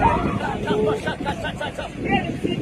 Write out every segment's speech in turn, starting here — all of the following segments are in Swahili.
ჩაფა ჩაფა ჩაფა ჩაფა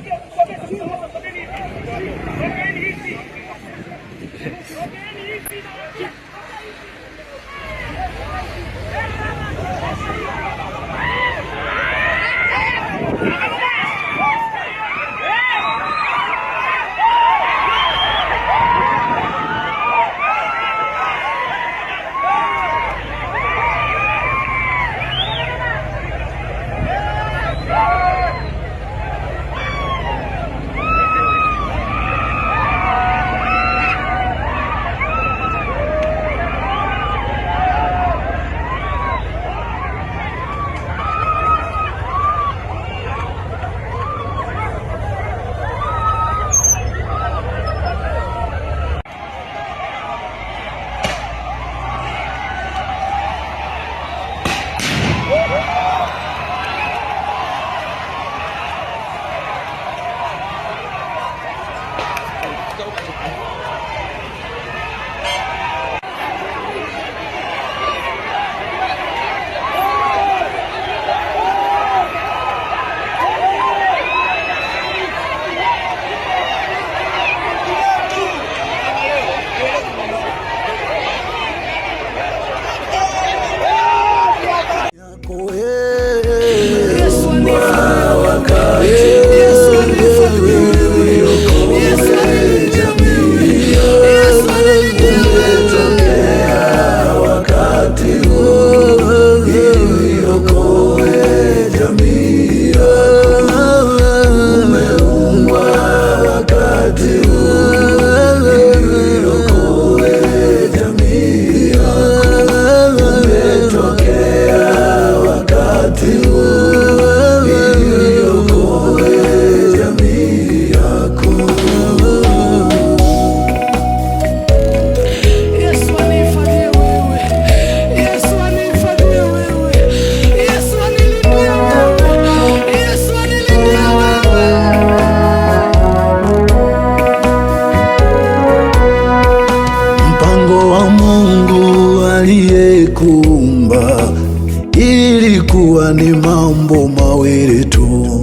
kuwa ni mambo mawili tu,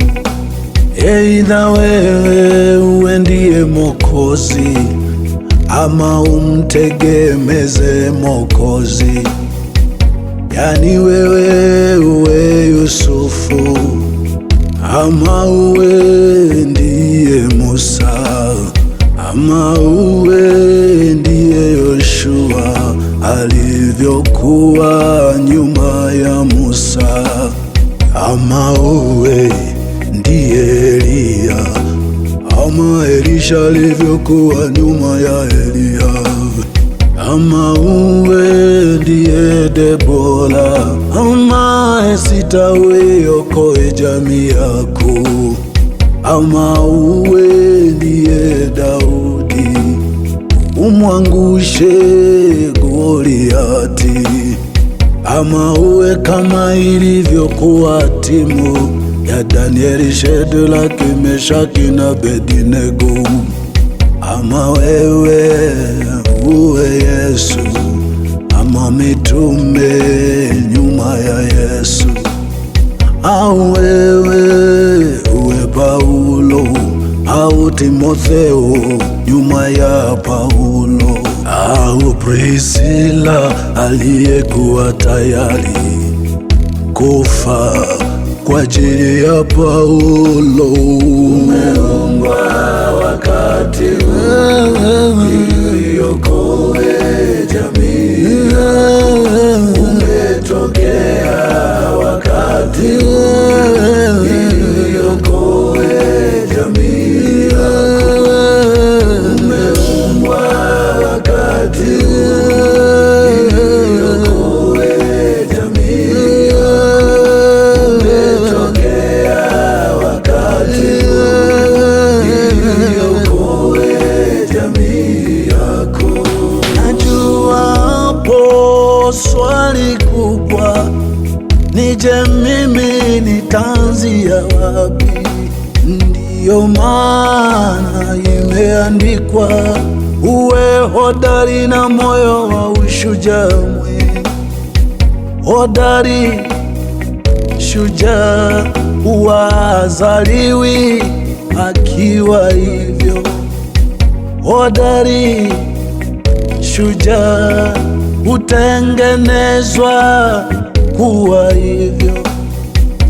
eidha wewe uwe ndiye Mokozi ama umtegemeze Mokozi, yani wewe uwe Yusufu ama uwe ndiye Musa ama uwe uliokuwa nyuma ya Elia, Ama uwe ndiye Debora, ama Esita uiokoe jamii yako, ama uwe ndiye Daudi umwangushe Goliati, ama uwe kama ilivyokuwa timu ya Danieli, Shedraki, Meshaki na Abednego. Ama wewe uwe Yesu ama mitume nyuma ya Yesu, au wewe uwe Paulo au Timotheo nyuma ya Paulo, au Prisila aliyekuwa tayari kufa kwa ajili ya Paulo. Umeombwa wakati huu kamwe, hodari shujaa, uwazaliwi akiwa hivyo, hodari shujaa, hutengenezwa kuwa hivyo.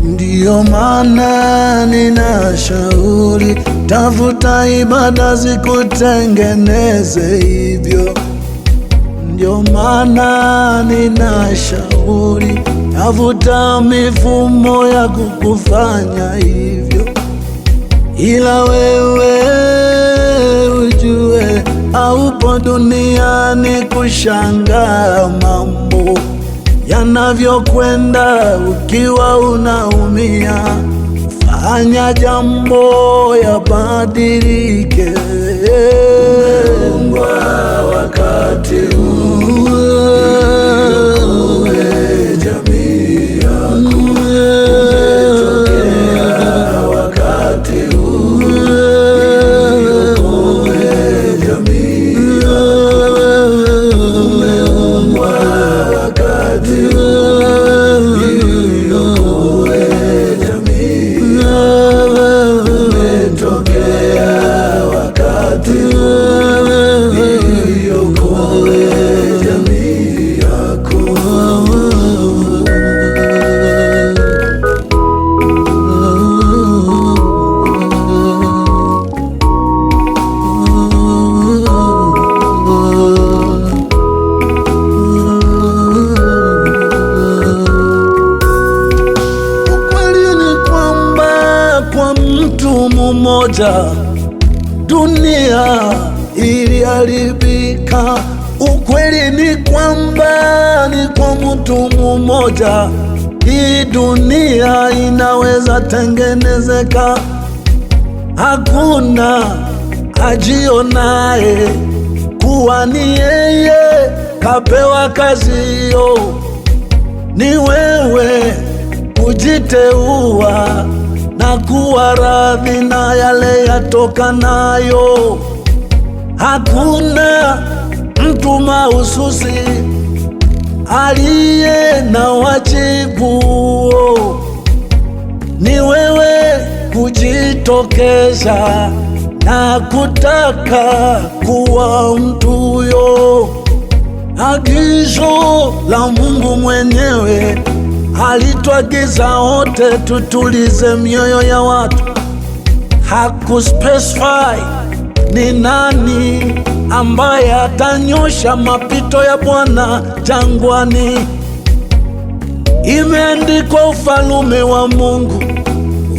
Ndiyo maana ninashauri, tafuta ibada zikutengeneze hivyo. Ndio maana shauri navuta mifumo ya kukufanya hivyo, ila wewe ujue haupo duniani kushangaa mambo yanavyokwenda ukiwa unaumia. Fanya jambo yabadilike. Umeungwa wakati huu kucha, dunia iliharibika. Ukweli ni kwamba ni kwa mtu mmoja, hii dunia inaweza tengenezeka. Hakuna ajionaye kuwa ni yeye kapewa kazi hiyo, ni wewe kujiteua. na kuwa radhi na yale nayo. Hakuna mtu mahususi aliye na wajibu, ni wewe kujitokeza na kutaka kuwa mtuyo, agizo la Mungu mwenyewe alitwagiza wote tutulize mioyo ya watu. Hakuspesifai ni nani ambaye atanyosha mapito ya Bwana jangwani. Imeandikwa, ufalume wa Mungu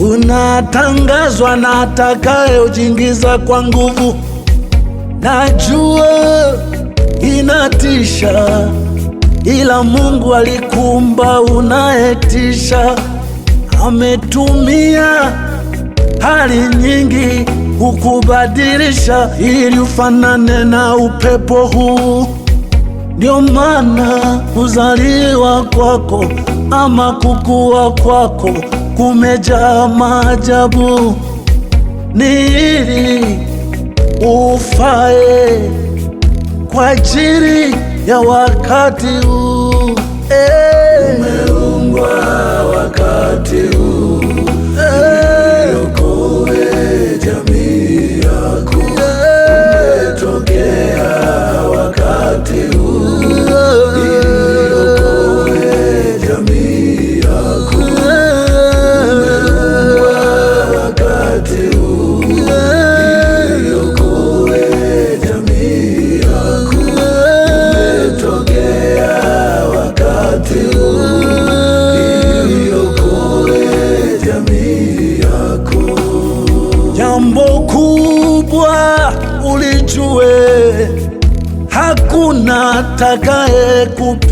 unatangazwa na atakaye ujingiza kwa nguvu. Najua inatisha ila Mungu alikumba unayetisha, ametumia hali nyingi hukubadilisha ili ufanane na upepo huu. Ndio maana kuzaliwa kwako ama kukua kwako kumejaa maajabu, ni ili ufae kwa ajili ya wakati huu.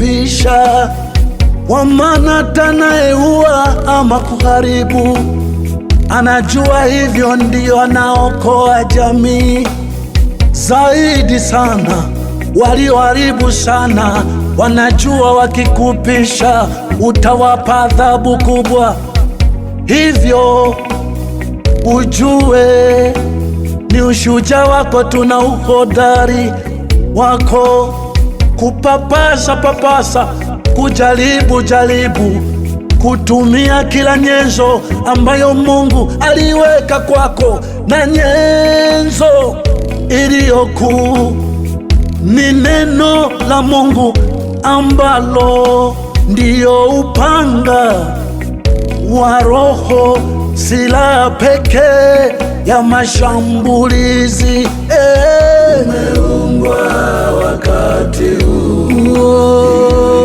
kuridhisha, kwa maana tanayeua ama kuharibu anajua, hivyo ndio anaokoa jamii zaidi sana. Walioharibu sana wanajua wakikupisha utawapa adhabu kubwa, hivyo ujue ni ushujaa wako, tuna uhodari wako kupapasa papasa, kujaribu jaribu, kutumia kila nyenzo ambayo Mungu aliweka kwako, na nyenzo iliyokuu ni neno la Mungu ambalo ndiyo upanga wa Roho, silaha pekee ya mashambulizi eh umeungwa wakati huu